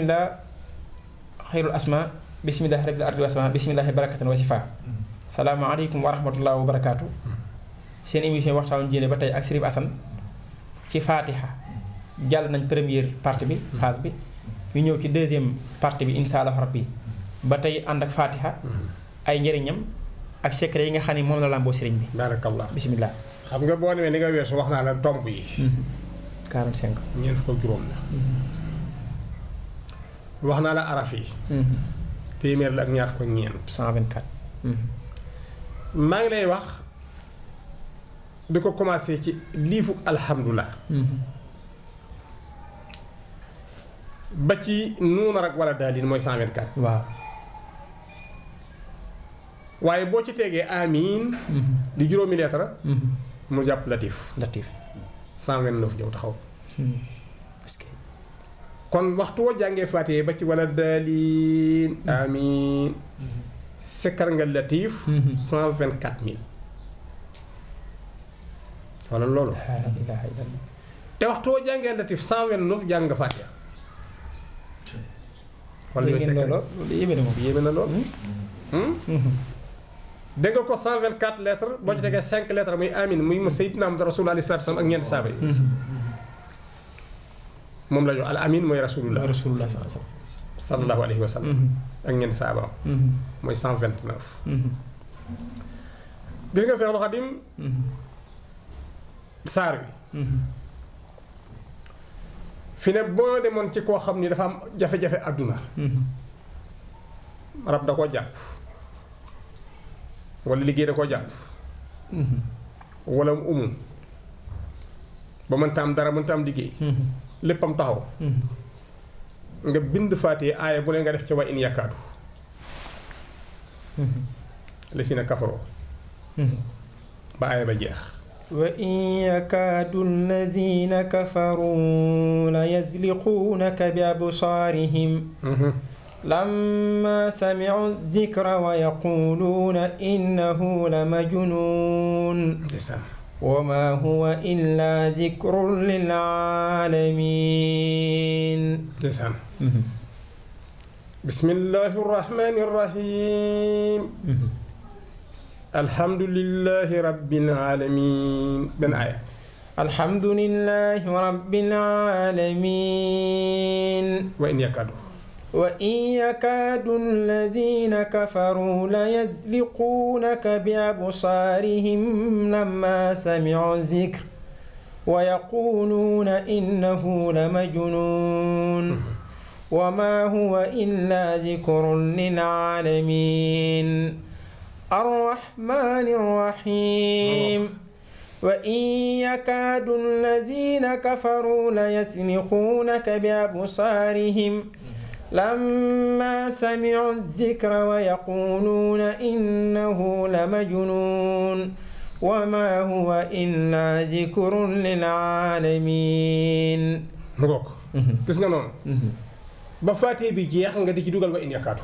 bismillah khairul asma bismillah rabbil ardi wasma bismillah barakatan wa shifa Bismillahirrahmanirrahim. Bismillahirrahmanirrahim. Bismillahirrahmanirrahim. Bismillahirrahmanirrahim. Bismillahirrahmanirrahim. seen émission waxtaan Bismillahirrahmanirrahim. ba tay ak Sirif Bismillahirrahmanirrahim. ci Fatiha jall nañ première partie bi phase bi ñu ñëw ci deuxième partie bi inshallah rabbi ba tay and ak Fatiha ay njëriñam ak secret yi nga xani mom la bi. barakallah bismillah xam nga bo ni nga waxna la tomb yi. Mhm. واخنا لا عرفي تيمير لا نياف كو نين 124 ما لي واخ ديكو كوماسي تي ليفو الحمد لله با تي نون راك ولا دالين موي 124 واو waye bo ci mhm. tege amin mhm. di juromi lettre mhm. mu japp latif latif 129 ñew taxaw kon waxtu woo jàngee faatee ba ci wala daaliin mm-hmm. amin mm-hmm. sikkar nga latiif mm-hmm. cent vingt quatre mille wala loolu te waxtu woo jàngee latiif cent vingt neuf jàng nga faatee kon yooyu sikkar yéeme na loolu hmm? Hmm? Hmm. dégg nga ko 124 lettres boo ci tegee 5 lettres muy amin muy mu sayyidina Muhammad rasulullah alayhi salaatu ak ñeenti saaba yi mom lañu al amin moy rasulullah rasulullah sallallahu alayhi wasallam sallallahu ak wasallam ak mooy cent moy 129 gis nga Seexul khadim sar bi fi ne bo demon ci ko xamni dafa am jafe-jafe aduna rab da ko jàpp wala liggéey da ko jàpp wala umu ba mënta am dara mënta am liggéey léppam taxaw mm-hmm. nga bind faatee aaya bu ne nga def ca wa in yàkkaatu mm-hmm. la si kafaroo mm-hmm. ba aaya ba jeex wa in yakaadu allazina kafaru la yazliquunaka bi absaarihim lamma samicu dikra wa yaquluuna innahu la majnuun وما هو إلا ذكر للعالمين نعم بسم الله الرحمن الرحيم الحمد لله رب العالمين بن آية الحمد لله رب العالمين وإن يكادوا وإن يكاد الذين كفروا ليزلقونك بأبصارهم لما سمعوا الذكر ويقولون إنه لمجنون وما هو إلا ذكر للعالمين الرحمن الرحيم وإن يكاد الذين كفروا ليزلقونك بأبصارهم لما سمعوا الذكر ويقولون إنه لمجنون وما هو إلا ذكر للعالمين ngook gis nga noonu ba faatee bi jeex nga di ci dugal wa in yakaatu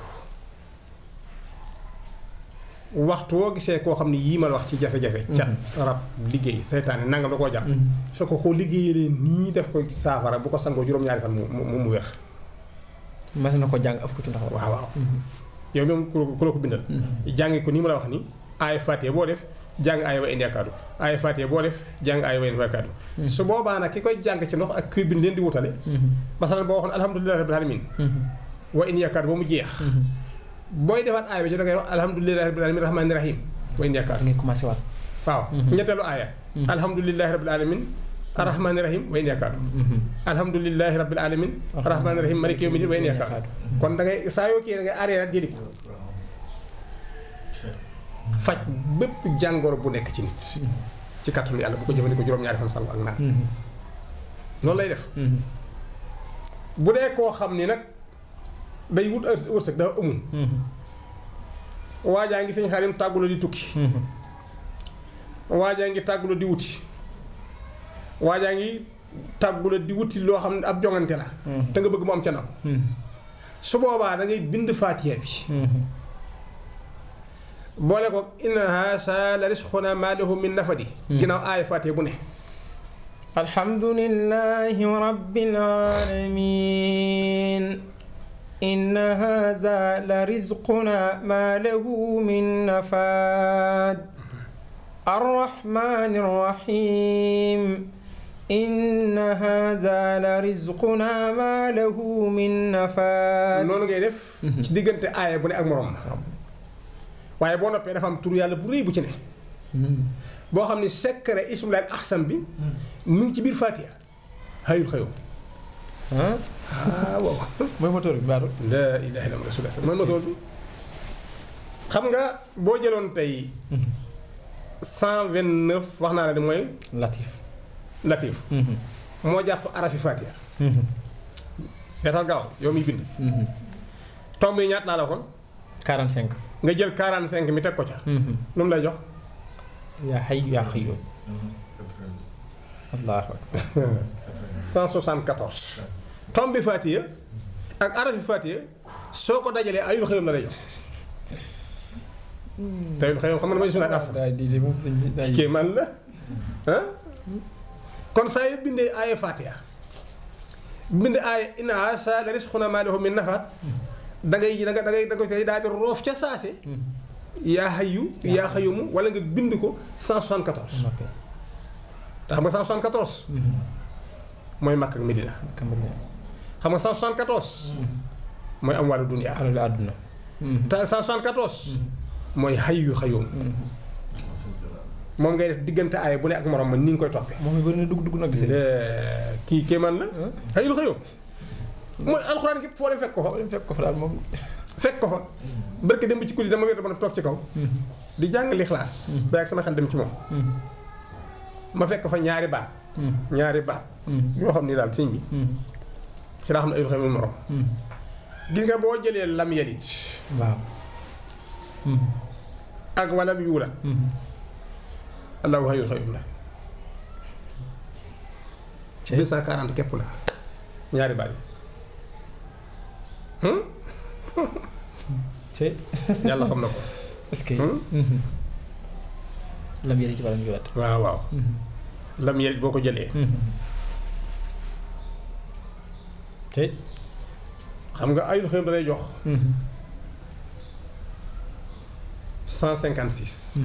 waxtu woo gisee koo xam ne yii ma wax ci jafe-jafe cat rab liggéey seytaane nangam da koo jàpp su ko ko liggéeyalee nii def ko saafara bu ko sangoo juróom-ñaari fan mu mu mu wér mas na ko jàng af ko ci ndax waaw waaw mhm. yow même ku la ko bindal mhm. jàngi ko ni ma la wax ni aaya fatiha boo def jàng aaya wa indi akaadu boo def jàng aaya wa mhm. su boobaa nag ki koy jàng ci ndox ak kii bind leen di wutale masalan boo waxoon alhamdulillahi rabbil alamin wa indi akaadu ba mu jeex booy defaat aaya bi ci da ngay wax alhamdulillahi rabbil alamin rahmaani rahim wa indi akaadu ngay commencé waat waaw ñetteelu aaya alhamdulillahi alamin arrahmaani rahim way neekaatu mm-hmm. alhamdulilahi rabbil alamin arrahmaani rahim maliki yawmi din way mm-hmm. neekaatu kon da ngay saa yoo kii da ngay arrêté déedéet faj bépp jàngoro bu nekk ci nit mm-hmm. ci kàttanu yàlla bu ko jëfandikoo juróom-ñaari fan sangu ak naan noonu lay def bu dee koo xam ni nag day wut wërsëg dafa amul waajaa ngi sëñ xarim tàgguloo di tukki waajaa ngi tàgguloo di wuti waajaa ngi tàggu di wuti loo xam ne ab jongante la. Mm-hmm. te nga bëgg mu am mm-hmm. su boobaa da bind faatiya bi. Mm-hmm. boole ko inna haasa la risquna ma la min nafad. arrahmani rahim. إن هذا لرزقنا ما له من نفاد noonu ngay def ci diggante aaya bu ne ak moroom waaye boo noppee dafa am tur yàlla bu rëy bu ci ne boo xam ne secret ismulaay axsam bi mu ngi ci biir Faatiha xayul xëyoo ah waaw mooy motoor bi baatu laa ilaaha illallaah rasulullah mooy motoor bi xam nga boo jëloon tey cent vingt neuf wax naa la ne mooy latif Latif. Mm-hmm. moo jàpp arafi Fatiha. Mm-hmm. seetal gaaw yow miy bind. Mm-hmm. tomb yi ñaata laa la kon. 45. nga jël 45 mi teg ko ca. lu lay jox. yaa xay tomb bi Fatiha ak arafi Fatiha soo ko dajalee ayul xëyum la lay jox. Mm. tey xëyum xam nga damay suñu ak as. kii man la كون ساي بيندي آية فاتحة بيندي آية إن عسى لرزقنا ما له من نفر داغي داغي داغي داغي داغي داغي روف تا ساسي يا حيو يا حيوم ولا نغي بيندكو 174 اوكي تخم 174 موي مكه مدينه مكه مدينه خم 174 موي اموال الدنيا اموال الدنيا تا 174 موي حيو حيوم moom ngay def diggante aay bu ne ak morom ma ni nga koy toppee. moom it bëri dugg dugg nag eh, kii kéemaan la. xëyul xëyoo. mooy alxuraan képp foo leen fekk ko fa. foo leen fekk ko fa daal moom. fekk ko fa barke dem ba ci kuddi dama wér dama toog ci kaw. Mm-hmm. di jàng lixlaas. Mm-hmm. ba ak sama dem ci moom. Mm-hmm. fekk fa ñaari baat. ñaari baat. xam ni daal bi. ci laa xam ne ayul xëyul morom. boo jëlee lam yalit. waaw. ak walam yuula. allahu hayyul képp la ñaari baat hmm? hmm? mhm. mhm. boo ko jëlee. Mhm. xam nga ayul xëy da lay jox. 156.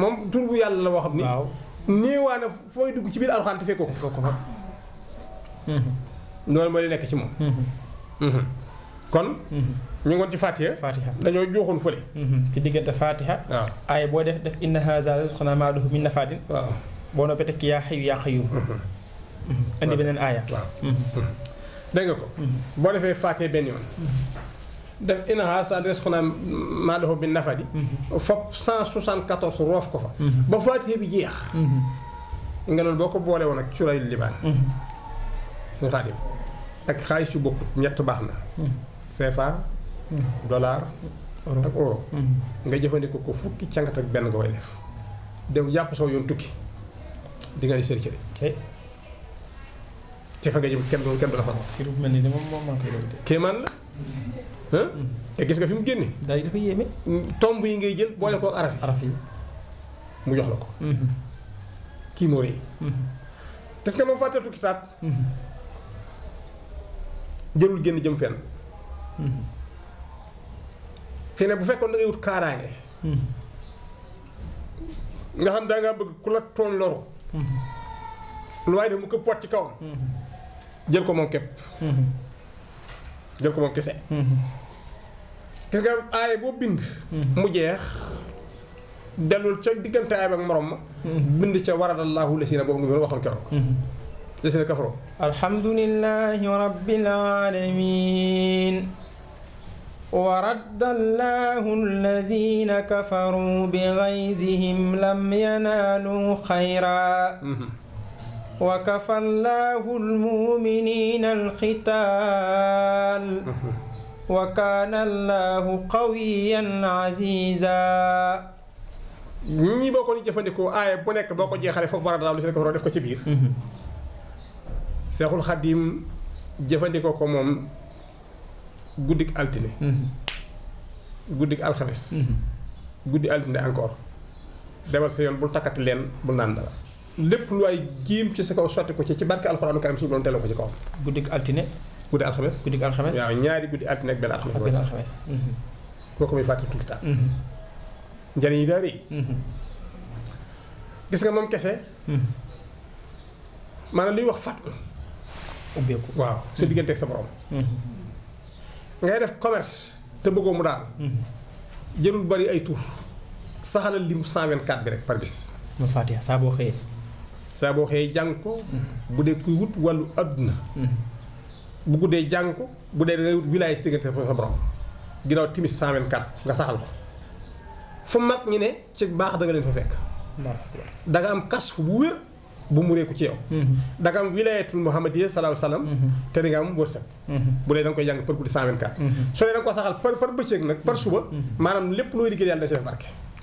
moom tur bu yàlla la woo xam ni. waaw néewaana fooy dugg ci biir alxuraan te fekkoo ko. Mm-hmm. loolu mooy nekk ci moom. Mm-hmm. Mm-hmm. kon. ñu ngoon ci Fatiha. Fatiha dañoo joxoon fële. ci diggante Fatiha. waaw boo def def inna haza rizqunaa maa lahu min nafaadin. waaw boo noppee tekki yaa xayu yaa xayu. indi beneen aaya. waaw ko. boo defee Fatiha benn yoon. def inaha sa des xu naa maa doxo bi nafadi mhm. fop 174 roof ko fa mhm. ba faatixe bi jeex mhm. nga loolu boo ko boole woon ak curayu libaan suñ xaatim ak xaalis yu bokkut ñett baax na CFA dollar ak euro nga jëfandikoo ko fukki cangat ak benn nga koy def dem jàpp soo yoon tukki di nga ni sëri te fa nga jëm kenn du la fa. kéemaan la. te gis nga fi mu génne. daal dafa tomb yi ngay jël boole ko araf araf yi mu jox la ko. Mhm. kii moo rëy. parce mhm. que moom fàtteetu kitaab. Mhm. jërul génn jëm fenn. fii bu fekkoon da ngay wut kaaraange. nga xam daa ngaa bëgg ku la tooñ loru. lu waaye def mu ko pot ci kawam. jël ko moom képp. jël ko moom kese. gis nga aay boo bind. mu jeex delul ca diggante aay ba ak morom ma. bind ca waradallahu lasina boobu nga doon waxoon keroog. lasina kafaroo. alhamdulillahi rabbil alamin. ورد الله الذين كفروا بغيظهم لم ينالوا خيرا وكفى الله المؤمنين القتال وكان الله قويا عزيزا ñi boko ni jëfëndiko ay bu nek boko jéxalé fofu wara daal lu ci ko def ko ci biir cheikhul mhm. khadim jëfëndiko ko mom guddik altiné mhm. guddik alxames mhm. guddi altiné encore demal sa yoon bul takati len bul lepp lu ay giim ci sa kaw soti ko ci ci barke alquran karim su borom delloo ko ci kaw guddig altine guddi alxames guddi alxames ya ñaari guddi altine ak benn alxames benn alxames mi fatte tout temps hmm jani yi dari hmm gis nga mom kesse hmm man liy wax fat ubbe ko waaw sa mhm. diggante ak sa borom hmm ngay def commerce te bëggo mu daal mhm. jërul bari ay tour saxalal lim 124 bi rek par bis mu fatiha sa bo xëyee saa boo xëyee jàng ko bu dee kuy wut wàllu àdduna bu guddee jàng ko bu dee dangay wut wilaay si diggante sa borom ginnaaw timis 124 nga saxal ko fu mag ñi ne ci baax da nga leen fa fekk da nga am kas fu bu wér bu mu réeku ci yow da nga am wilayatul muhammadiyya salaahu salaam te da nga am wërsëg bu dee da koy jàng par guddi 124 su dee da ko saxal par par bëccëg nag par suba maanaam lépp looy liggéey yàlla da ci def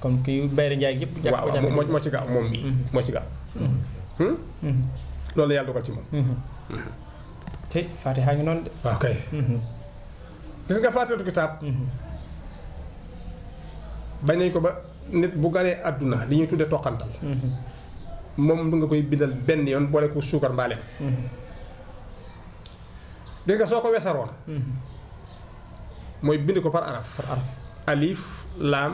kon kii Bayra Ndiaye yëpp. jàpp ko jàpp moo moo ci Hmm? loolu la yàlla dogal ci moom. Hmm. te Fatiha ngi noonu de. waaw ah, hmm. gis nga Faatihatu kitaab. bañ nañ ko ba nit bu ganee àdduna li ñuy tuddee toqantal. moom du nga koy bindal benn yoon boole ko suukar mbaale. gis nga soo ko wesaroon. mooy bind ko par araf. par araf alif laam.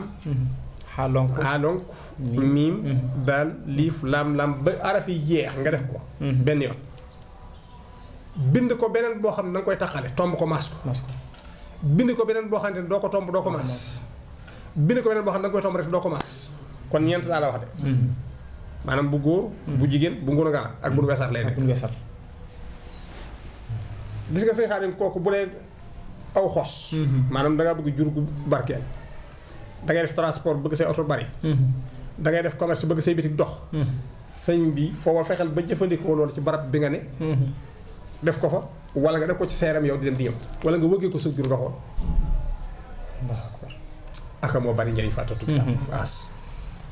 xaalonk xaalonk. miim daal mhm. liif laam laam ba araf yi jeex nga def ko mhm. benn yoon bind ko beneen boo xam ne da koy taxale tomb ko maas ko bind ko beneen boo xam ne doo ko tomb doo ko maas bind ko beneen boo xam ne da nga koy tomb rek doo ko maas kon ñeent laa la wax de mhm. maanaam bu góor bu jigéen bu ngunu gana ak bu nu weesat lay nekk gis nga sëñ Xaadim kooku bu dee aw xos maanaam dangaa bëgg jur gu barkeel dangay def transport bëgg say oto bari dangay ngay def commerce bëgg say bitik dox. Mhm. sëñ bi foofa fexeel ba jëfandikoo loolu ci barab bi nga ne. Mhm. def ko fa wala nga def ko ci seeram yow di dem di ñëw wala nga wëggee ko sa jur doxoon. aka moo bari njëriñ fàttatu bi tam mhm. as.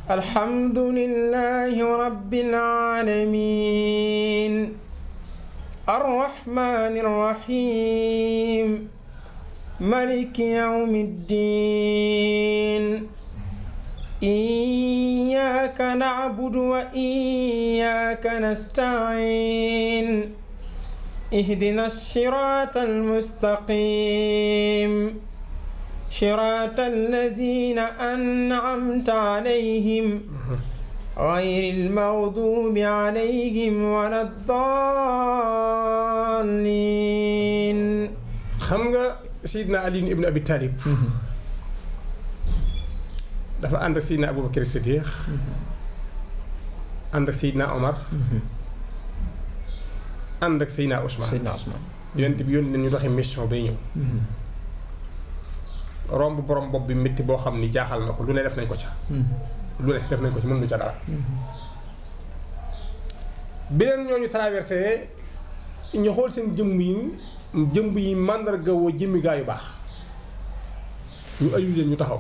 alhamdulillahi rabbil alamin arrahmani rrahim maliki yawmi ddin إياك نعبد وإياك نستعين اهدنا الصراط المستقيم صراط الذين أنعمت عليهم غير المغضوب عليهم ولا الضالين خمغة سيدنا علي بن أبي طالب dafa ànd ak Seydina Aboubacar Siddiq mm-hmm. ànd ak Seydina Omar mm-hmm. ànd ak Seydina Ousmane Seydina Ousmane yonent bi yónni nañu doxee mission bay ñëw mm-hmm. romb borom bopp bi métti boo xam ni jaaxal na ko lu ne def nañ ko ca lu ne def nañ ko ci mënuñu ca dara beneen ñooñu traversé ñu xool seen jëmb yi jëmb yi màndarga woo yu baax ñu ayu ñu taxaw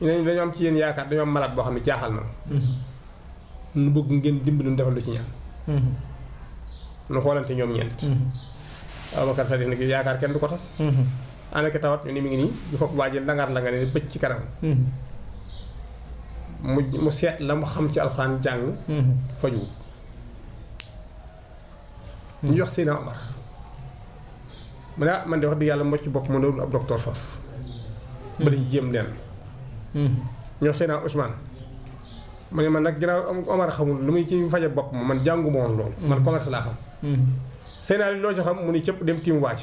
Ina ne dañu am ci yéen yaakaar dañu am malade boo xam ne jaaxal na nu mm-hmm. bëgg ngeen dimbali nu defal lu ci ñaan nu mm-hmm. xoolante ñoom ñeent mm-hmm. abakar sadi nag yaakaar kenn du ko tas anaka tawat ñu ni mi ngi nii ñu foog waaji langaat la nga ne bëcc ci kanam mu mu seet la mu xam ci alxuraan jàng faju ñu jox seen omar mu ne ah, man de wax yàlla bopp mu ab docteur faf ba di jëm leen Hmm. ñoo Seydina Ousmane mu ne man nag ginnaaw Omar xamul lu muy ci faje bopp ma man jàngu ma woon loolu man hmm. commerce laa xam hmm. Seydina li loo ci xam mu ni cëpp dem tiim wàcc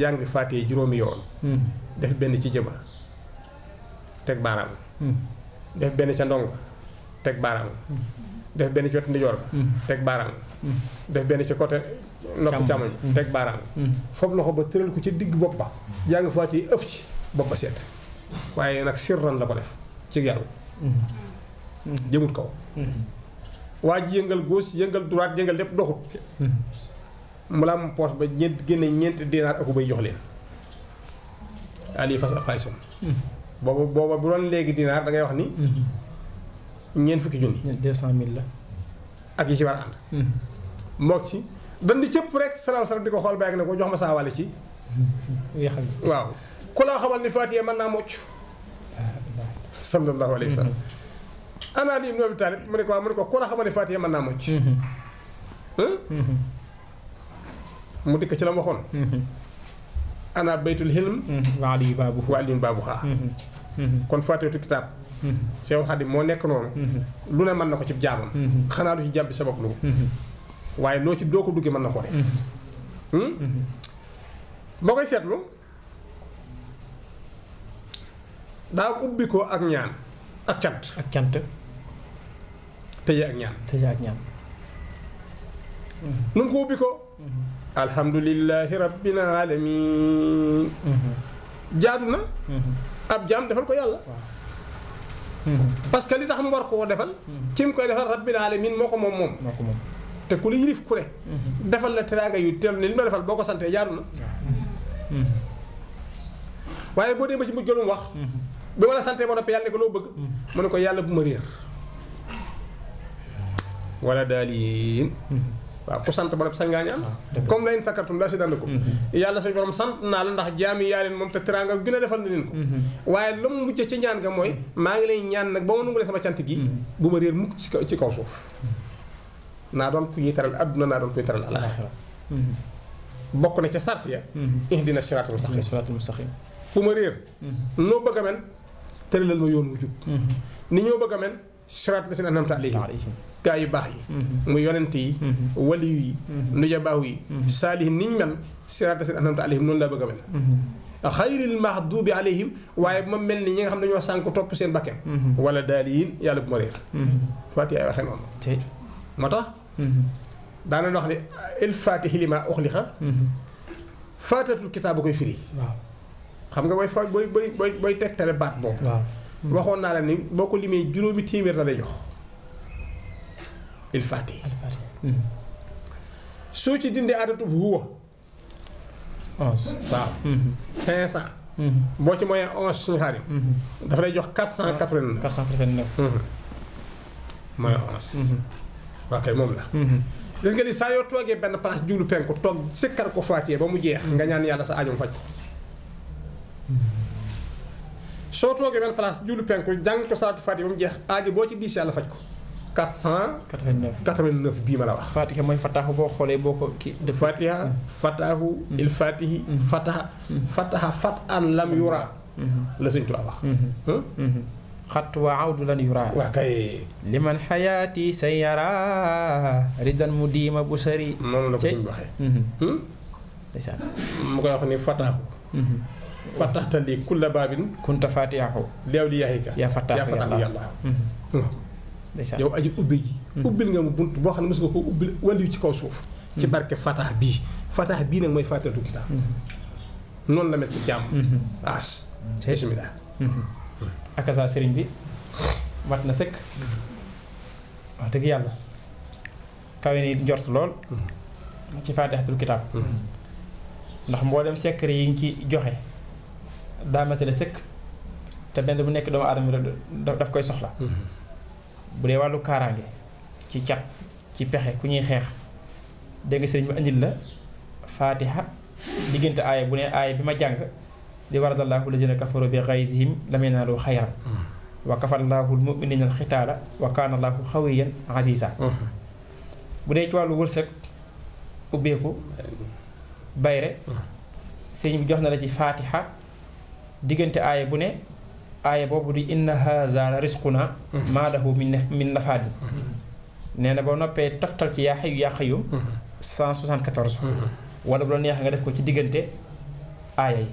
jàng fàttee juróomi yoon def benn ci jëba teg baaraam def benn ca ndong teg baaraam def benn ci wetu ndijoor ba teg baaraam def benn ci côté nopp càmmoñ teg baaraam foofu loxo ba tëral ko ci digg bopp ba jàng fàttee ëf ci bopp ba seet waaye nag sirran la ko def ci yaru jëmut kaw waa ji yëngal gauche yëngal droite yëngal lépp doxut mulaa mu poos ba ñeent génne ñeent dinaar aku bay jox leen ali fas ak xaalisam booba bu doon léegi dinaar da ngay wax ni ñeent fukki junni deux cent mille la ak yi ci war ànd mook ci dan di cëpp rek salaaw salaaw di ko xool ba yàgg ne ko jox ma saawale ci waaw ku laa xamal ni Faatiha mën naa mocc sallallahu alayhi wa sallam ana Ali ibn Abi Talib mu ne ko waaw mu ne ko ku xamal ni Faatiha mën naa mocc mu dikk ci la mu waxoon ana hilm wa aliyu baabu wa aliyu baabu xaa kon faatihatul kitaab Seexul Xaadim moo nekk noonu lu ne mën na ko ci jaamam xanaa lu ci jàpp sabab lu waaye loo ci doo ko duggee mën na ko def boo koy seetlu daa ubbi ko ak ñaan ak cant. ak cant. tëjee ak ñaan. tëjee ak ñaan. nu mu ko ubbi ko. Mm-hmm. alhamdulilahi rabbil alamin mm-hmm. jaadu na. Mm-hmm. ab jaam defal ko yàlla. parce que li tax mu war koo defal. ki mu koy defal rabbil alamin moo ko moom moom. te ku la yilif ku ne. defal la teraanga yu teel ne li ma defal boo ko santee jaadu na. waaye boo dee ba ci mujj lu mu wax. bi ma la santee ba noppi yàlla ne ko loo bëgg. mu ne ko yàlla bu ma réer. wala daal waaw ku sant ba noppi sax ngaa ñu ah, comme la in sakartum la mm-hmm. yàlla suñu borom sant naa ndax jaami yaa leen moom te teraanga gën na leen mm-hmm. waaye lu mu mujj ci ñaan nga mooy mm-hmm. maa ngi lay ñaan nag ba ma sama cant gi. bu ma réer mukk ci ci kaw suuf. naa doon ku ñuy taral adduna naa doon na ca sart ya. noo bëgg mel. tëralal ma yoon wu jub ni ñoo bëgg a mel siraat la seen anamta alayhim gaa yu baax yi mu yonent yi waliyu yi nujabaaw yi saalihim ni ñu mel siraat la seen anamta alayhim noonu laa bëgg a mel xayril mahdubi alayhim waaye bu ma mel ni ñi nga xam ne dañoo sànk topp seen bakken wala daal yi yàlla bu ma réer fati ay waxee noonu moo tax daana wax ne il faatihi lima uxliqa faatatul kitaab a koy firi waaw xam nga booy fa booy booy teg tegtale baat boobu. Hmm. waxoon naa la ni boo ko limee juróomi téeméer la lay jox. il hmm. ci dindee adatub huwa. onze waaw. Hmm. cinq cent. boo ci moyen onze suñu xarit. dafa lay jox quatre cent quatre vingt neuf. quatre moyen onze. waaw moom la. gis nga ni saa yoo toogee benn place jublu penku toog sëkkar ko fàtte ba mu jeex. nga ñaan yàlla sa aajo faj soo toogee benn place julli penku jàng ko salaatu fatiha ba mu jeex aajo boo ci diis yàlla faj ko. 489 89 bii ma la wax. Fatiha mooy Fatahu boo xoolee boo ko kii. Fatiha mm. Fatahu. Mm. il Fatihi. Mm. Fataha. lam yura. Mm-hmm. la Sëñ Tuubaa wax. Mm-hmm. Mm-hmm. xat waa awdu lan yura. kay. li man xayaati sa yara ridan mu diima bu sari. mu koy wax ni Fatahu. fataxta lii kulla baabin kunta faatihahu leew li yahika yaa fataax yàlla mhm. yow aji ubbi ji mhm. ubbil nga mu bunt boo xam ne mos nga ko ubbil wàllu ci kaw suuf ci mhm. barke fatax bii fatax bii nag mooy faatatu kitaab noonu la mel ci jàmm na sëkk dëgg yàlla kawe ni njort mboolem secret yi ngi ci joxe daa matale sëkk te benn bu nekk doomu aadama daf koy soxla bu dee wàllu kaaraange ci cat ci pexe ku ñuy xeex dégg nga sëriñ bi andil la faatiha diggante aaya bu ne aaya bi ma jàng li waradallahu lazina kafaru bi xaysihim lam yanaalu xayran wa kafallahu lmuminina alxitaala wa kaana allahu xawiyan aziza bu dee ci wàllu wërsëg ubbeeku bayre sëriñ bi jox na la ci faatiha diggante aaya bu ne aaya boobu di inna haza la risquna maa lahu min nafaadin nee na boo noppee toftal ci yaa xayu yaa xayum 174 wala bu la neex nga def ko ci diggante aaya yi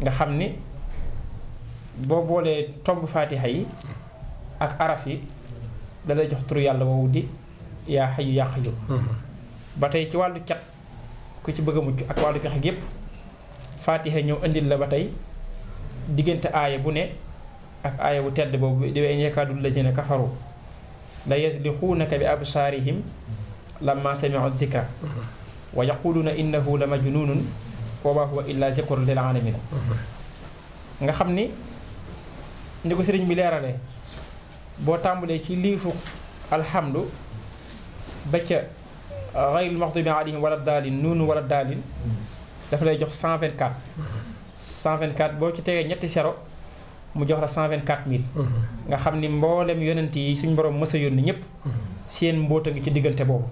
nga xam ni boo boolee tomb faati yi ak araf yi da jox turu yàlla woowu di yaa xayu yaa xayum hmm. ba tey ci wàllu caq ku ci bëgg a mucc ak wàllu pexe yépp faatiha ñëw indil la ba tey diggante aaya bu ne ak aaya bu tedd boobu di wa in yakaadul kafaru la yaslixuunaka bi absaarihim lamma samiu zikra wa yaquluuna innahu la majnunun wa ma huwa illa zikrun lil alamina nga xam ni ni ko sëriñ bi leerale boo tàmbalee ci liifu alhamdu ba ca xayril maxdubi alayhim wala daalin nuunu wala daalin dafa lay jox 124 124 boo ci tegee ñetti sero mu jox la 124000. nga xam ni mboolem yonent yi suñ borom mës a yónni ñëpp. seen mbóota ngi ci diggante boobu.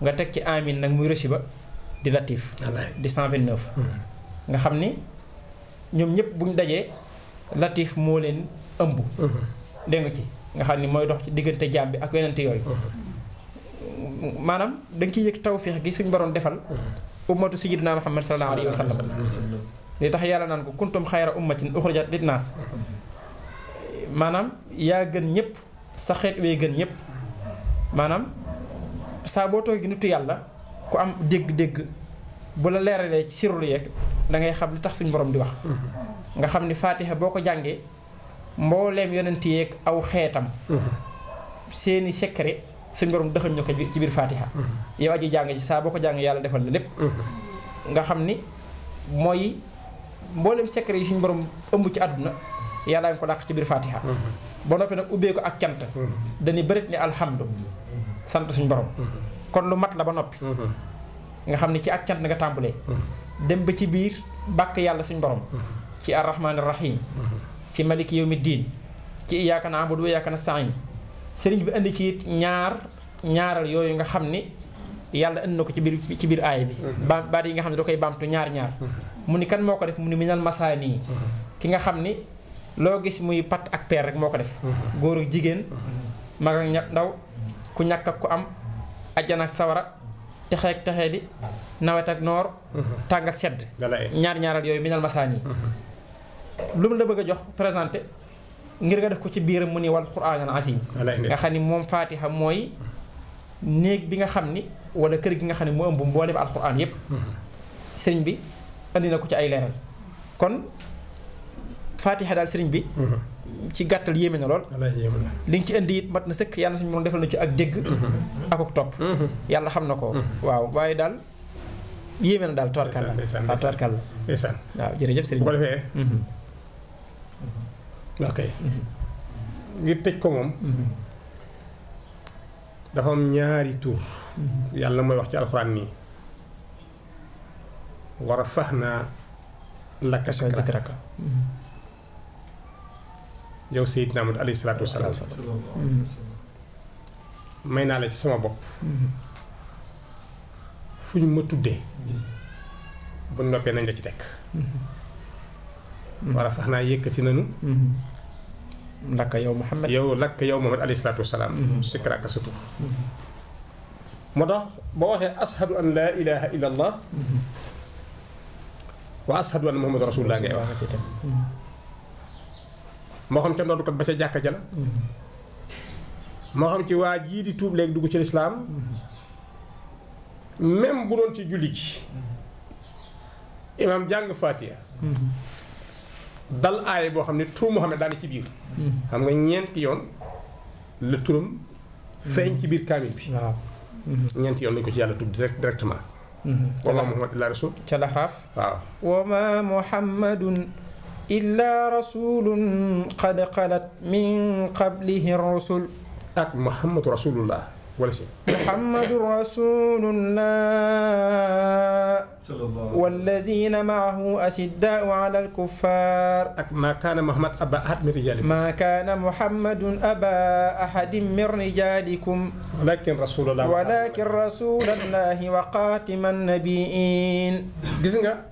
nga teg ci amin nag muy rësi ba di latif. di 129. nga xam ni ñoom ñëpp buñ dajee latif moo leen ëmb. dégg nga ci nga xam ni mooy dox ci diggante jaam bi ak yonent yooyu. maanaam da nga ciy yëg tawféex gi suñ borom defal. ummatu sayyidina muhammad sallallahu Alaihi Wasallam. sallam li tax yalla nan ko kuntum khayra ummatin lin nas manam Ya gën ñep sa xet wee gën manam sa bo to gi nitu yalla ku am deg deg bu la leralé ci sirul yek da ngay xam li tax suñu borom di wax nga xam ni fatiha boko ko mbolem yonentiyek aw xetam seeni secret suñ borom dëxal ñu ko ci biir fatiha mm-hmm. yow aji jang ji sa boko ko yalla defal lepp mm-hmm. nga xamni moy mooy secret yi suñ borom ëmb ci aduna yalla nga ko dàq ci biir fatiha mm-hmm. bo nopi nak ubbe ko ak cant dañi beret ni alhamdu sant suñ borom kon lu mat la ba nopi nga xamni ci ak cant nga tàmbalee dem ba ci biir bak yalla suñ borom ci ar rahim ci maliki yawmiddin diin ci iyaaka na wa iyyaka nasta'in sering bi andi ci ñaar ñaaral yooyu nga xamni yalla yàlla nako ci bir ci nyar ay bi mhm. ba baat yi nga xamni da ñaar-ñaar mhm. mu kan moko def mu ni minal masani mhm. ki nga xamni lo gis muy pat ak père rek moko def goor ak jigen mag ak ndaw ku ñak ak ku am aljana sawara texe ak texe di nawet ak nor tang ak sedd ñaar-ñaaral yooyu minal masani lu mu la bëgg jox présenter ngir nga def ko ci biiram mu ni wal quraan al nga xam ni moom faatiha mooy néeg bi nga xam ni wala kër gi nga xam ne mu ëmb mboolem al quraan yépp mm-hmm. sëriñ bi indi na ko ci ay leeral kon faatiha daal sëriñ bi mm-hmm. ci gàttal yéeme na lool li nga ci indi it mat na sëkk yàlla sañ moom defal na ci ak dégg mm-hmm. ak ak topp yàlla xam na ko waaw waaye daal yéeme na daal tubarkàlla waaw tubarkàlla waaw sëriñ bu ok ngir tëj ko moom dafa am ñaari tur yàlla mooy wax ci alxuraan nii war a fax naa lakka zikraka yow Seydina Muhammad alayhi salaatu wasalaam may naa la ci sama bopp fu ñu ma tuddee bu noppee nañ la ci tekk war fax naa yëkkati nanu mm-hmm. lakk yow Muhammad yow lakk yow Muhammad alayhi salaatu wasalaam mm-hmm. sikkar ak sa tur mm-hmm. moo tax boo waxee ashadu an laa ilaha illa allah wa ashadu an muhammadu rasulullah ngay wax moo xam ca noddu moo xam ci waa jii di tuub léegi dugg ci lislaam même bu doon ci julli ji imaam jàng faatiha dal ay bo xam tour mohammed dañ ci biir xam nga ñent yoon le turam feñ ci biir kamil bi ñent yoon lañ ko ci yàlla tudd direct directement wama Mouhamed la rasul la raf waaw ma Mouhammadun illa rasulun qad qalat min qablihi ar rusul ak Mouhammadu rasulullah ولا شيء محمد رسول الله والذين معه أشداء على الكفار ما كان محمد أبا أحد من رجالكم ما كان محمد أبا أحد من رجالكم ولكن رسول الله ولكن رسول الله وقاتم النبيين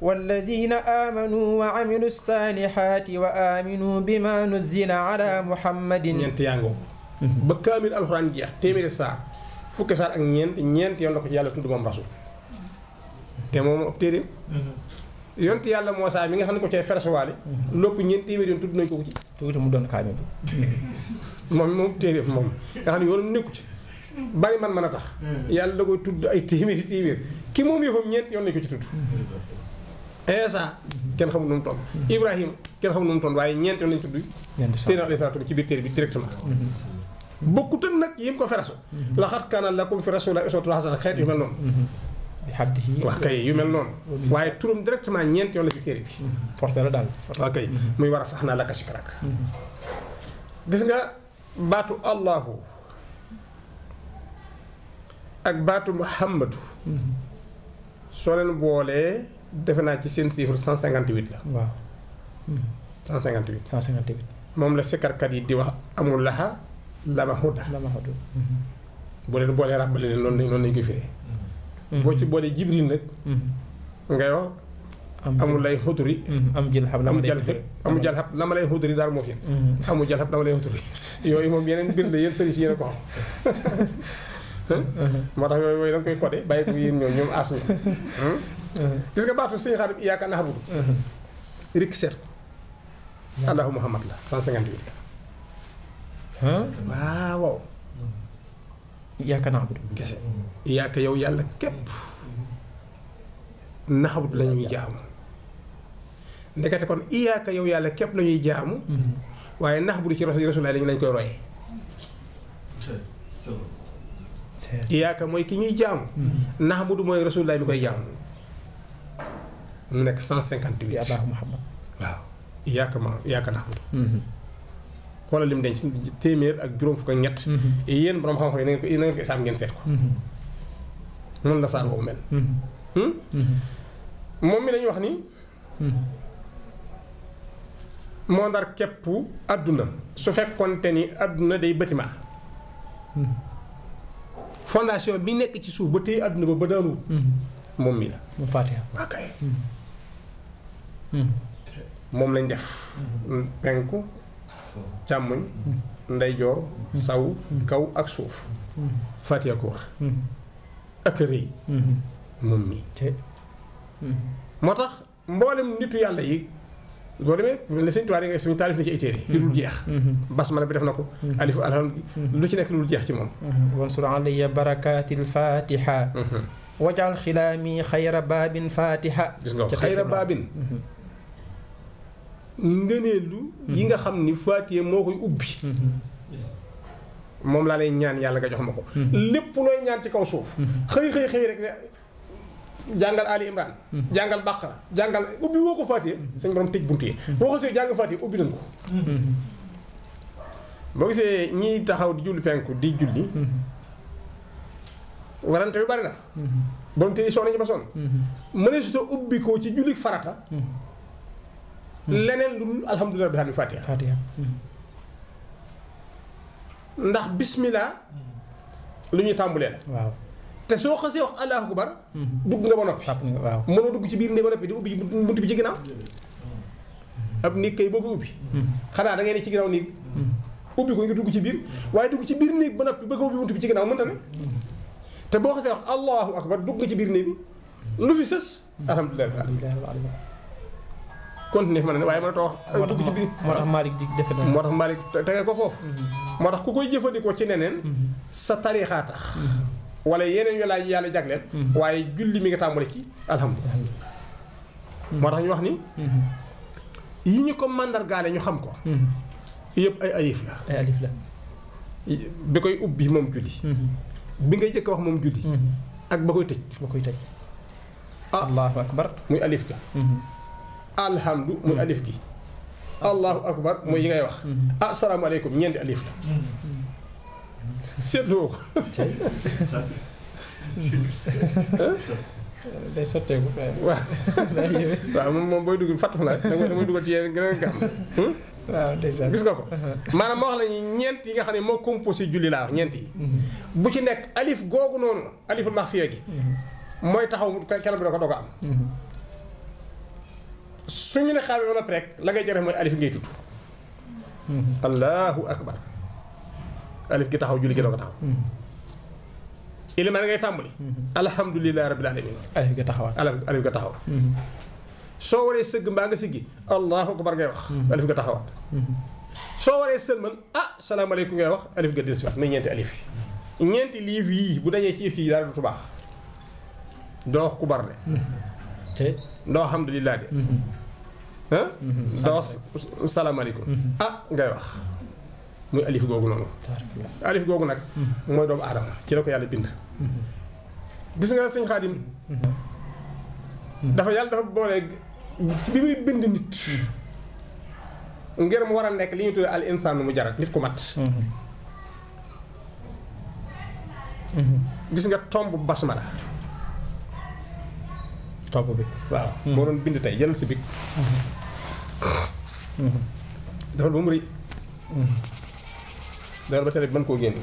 والذين آمنوا وعملوا الصالحات وآمنوا بما نزل على محمد بكامل القرآن جاء تيمير الساعة fukki saar ak ñeent ñeent yoon la ko ci yàlla tudd moom rasul te moom ab téeréem mhm. yonent yàlla Muusaa mi nga xam ne ko cay fersuwaale mhm. lopp ñeent téeméer yoon tudd nañ ko ko ci mu doon kaamil moom moom téeréem moom nga xam ne yoonu nekku ci bari man mën a tax mhm. yàlla da koy tudd ay téeméeri téeméer ki moom yëfam ñeent yoon lañ ko ci tudd Eesa kenn xamul nu mu toll Ibrahima kenn xamul nu mu toll waaye ñeent yoon lañ tudd seen alayhi salaatu ci biir téere bi directement بكت نك يمكن فرسو لا خد كان لكم فرسو لا يسوت راسا خير يملون بحبته وكي يملون واي تروم دركت ما نينت يولي في كيري فرسالة دال وكي مي ورا فحنا لك شكرك بسنغا باتو الله اك باتو محمد سولن بولي دفنا كي سين سيفر 158 لا واو 158 158 موم لا سكر كدي دي واخ امول lama xudda lama xudda mm-hmm. boo leen boolee ràbbale leen noonu noonu lañ koy firee mm-hmm. boo ci boolee jibril nag mm-hmm. ngay wax amul lay xuturi am jël xab amu jal amu jal xab ma lay xuturi daal moo fi amul jal xab la ma lay xuturi yooyu moom yeneen bir la yéen sëriñ si yéen a ko xam moo tax yooyu yooyu da nga koy codé bàyyi ko yéen ñoom ñoom aas ñu gis nga baatu sëñ xaadim iyaaka naxabudu rikk seet ko allahu muhammad la 158 waaw waaw. iyaaka naabudu kese iyaaka yow yàlla képp naxawut la ñuy jaamu ndekete kon iyaaka yow yàlla képp lañuy ñuy jaamu. Mm-hmm. waaye nax bu du ci rasulaay lañ lañ koy roye. iyaaka mooy ki ñuy jaamu. nax bu du mooy rasulaay bi koy jaamu. mu nekk cent cinquante huit. waaw iyaaka ma iyaaka nax bu mm-hmm. xoolal lim denc téeméer ak juróom fukk ak ñett. Mm-hmm. yéen borom xam-xam yi ngeen seet ko. Mm-hmm. noonu la saar mm-hmm. hmm? moom mi dañuy wax ni. moo ndar képp àdduna su fekkonte ni àdduna day bâtiment fondation bi nekk ci suuf ba tey àdduna ba ba daanu moom mi la moom lañ def penku càmmoñ ndeyjoor saw kaw ak suuf fatiha ko wax ak rëy moom mi moo tax mboolem nitu yàlla yi boo demee li sëñ tuwaar yi nga suñu taalif na ci ay téere yu dul jeex basmala bi def na ko alifu alhamd lu ci nekk barakatil fatiha wajal xilaami xayra baabin fatiha gis nga ngëneelu yi nga xam ni Faatiha moo koy ubbi moom laa lay ñaan yàlla nga jox ma ko lépp looy ñaan ci kaw suuf xëy xëy xëy rek jàngal Ali Imran jàngal Baqara jàngal ubbi woo ko Faatiha suñu borom tëj bunt yi boo ko jàng Faatiha ubbi nañ ko boo gisee ñiy taxaw di julli penku di julli warante yu bari na mm-hmm. borom téye sonn nañu ba sonn mm-hmm. mënee su ubbi ko ci julli farata mm-hmm. leneen lu dul alhamdulilah bi daal fatiha hmm. ndax bismillah hmm. lu ñuy tàmbulee la. waaw te soo xasee wax allahu akbar hmm. dugg nga ba noppi. waaw mënoo dugg ci biir ne ba noppi bi ci ginnaaw. ab néeg kay boo ci ginnaaw néeg. ko nga dugg ci biir waaye dugg ci biir néeg ba noppi bëgg a ubbi bunt bi ci ginnaaw mënta ne. te boo xasee wax allahu akbar dugg nga ci biir néeg bi lu fi sës. alhamdulilah. continuer fi ma ne waaye mënatoo wax. dugg ci biir moo tax Malick di defe na moo tax Malick ko foofu. Mhm. moo tax ku koy jëfandikoo ci neneen. Mhm. sa tariixa tax mhm. wala yeneen yoo laa yàlla jagleel. waaye julli mi nga tàmbale ci alhamdulilah. moo tax ñu wax ni. yi ñu ko màndargaale ñu xam ko. yëpp ay alif la. bi koy ubbi moom julli. bi ngay jëkk wax moom julli. ak ba koy tëj. ba koy tëj. Ah. allahu muy alif la. alhamdu muy hmm. alif gi allahu akbar mooy yi ngay wax hmm. Hmm. asalaamaaleykum ñeenti alif la seetloo ko day la da ci gis nga ko uh-huh. wax la yi nga composé mm-hmm. alif gi mm-hmm. suñu ne xaamee ba noppi rek la ngay jëre mooy alif ngay tudd allahu akbar alif gi taxaw julli gi doo ko taxaw ilimaan ngay tàmbali alhamdulillahi rabbil alamin alif gi taxawaat alif ga taxaw soo waree sëgg mbaa nga siggi allahu akbar ngay wax alif ga taxawaat soo waree sëlman ah salaamaaleykum ngay wax alif ga dellusiwaat muy ñeenti alif yi ñeenti liif yii bu dajee ci if yi daal du tubaax doo wax kubar de doo alhamdulilah de doo wax salaamaaleykum mhm. ah ngay wax muy alif googu noonu alif googu nag mhm. mooy doomu aadama ci la ko yàlla bind mhm. gis nga sëñ xaadim dafa yàlla dafa boole bi muy bind nit ngir mu war a nekk li ñu tuddee al insaan mu jarat nit ku mat gis nga tomb basmala tomb bi waaw moo doon bind tey jëlal si big defal ba mu rëy defal ba tere bi mën koo génne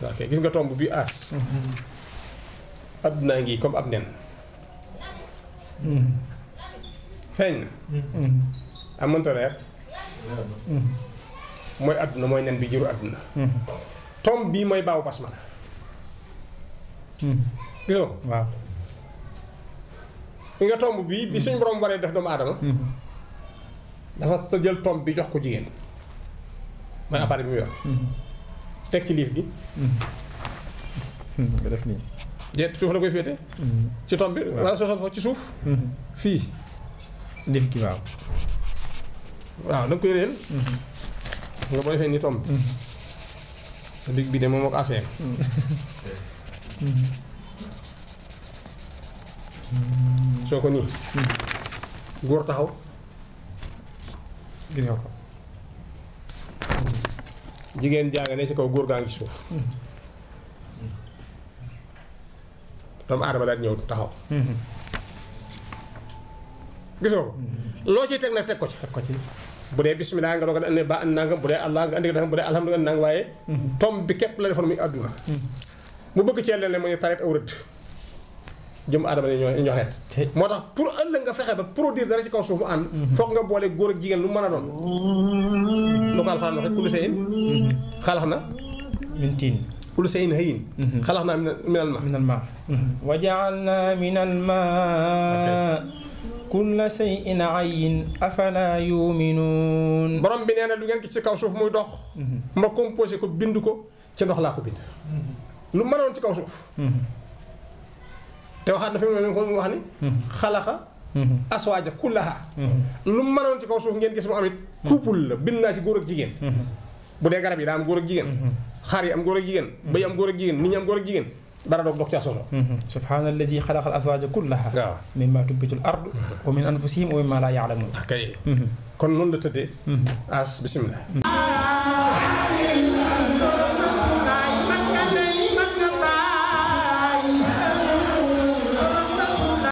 waaw kay gis nga tomb bi aas addunaa ngi comme ab nen feeñ na am mënta leer mooy adduna mooy nen bi jëru adduna tomb bii mooy baawu basmala gis nga ko waaw li nga tomb bii bi suñ borom waree def doomu aadama mhm. dafa sa jël tomb bi jox ko jigéen mooy appareil bi mu yor mhm. teg ci liif gi mhm. nga def nii jeet suuf la koy féete ci tomb bi walla soo sol ci suuf fii liif gi waaw waaw danga koy réel nga boo defee ni tomb sa digg bi de moom ak aseen soko ni gor taxaw gis nga jigen jigéen jaa ne si kaw gor gaa ngi suuf tam aadama la ñew taxaw gis nga lo ci tek na tek ko ci tek ko ci bude bismillah nga doog ne ba andi nangam bu allah nga andi nga bude dee nga nangam waaye mhm. tom bi kep la defoon mi aduna mhm. mu bëgg ci leen mo ñu tareet aw jëm adama yi ñoo ñoo pura moo pour ëll nga fexé ba produire dara ci kaw suufu and mhm. fokk nga boole góor ak jigéen lu mëna doon lu ko alxuraan waxee kulu sayin mhm. xalax na min tin kulu sayin hayin mhm. xalax min al ma min al ma wa jaalna min al ma shay'in afala yu'minun borom bi neena lu ngeen ci kaw suuf muy dox ma composé ko bind ko ci ndox la ko bind lu ci kaw suuf تواخذنا في من يكون مهني خلاها أسواجها كلها لما نقول تكو سوهم جين كسم أميت كوبل بين ناس يقول جين بدي أقرب إلى أم قول جين خاري أم قول جين بي أم قول جين نيم قول جين دارا دوك دوك تاسوسو سبحان الذي خلق الأسواج كلها مما تبت الأرض ومن أنفسهم ومما لا يعلمون كي كن نون تدي أس بسم الله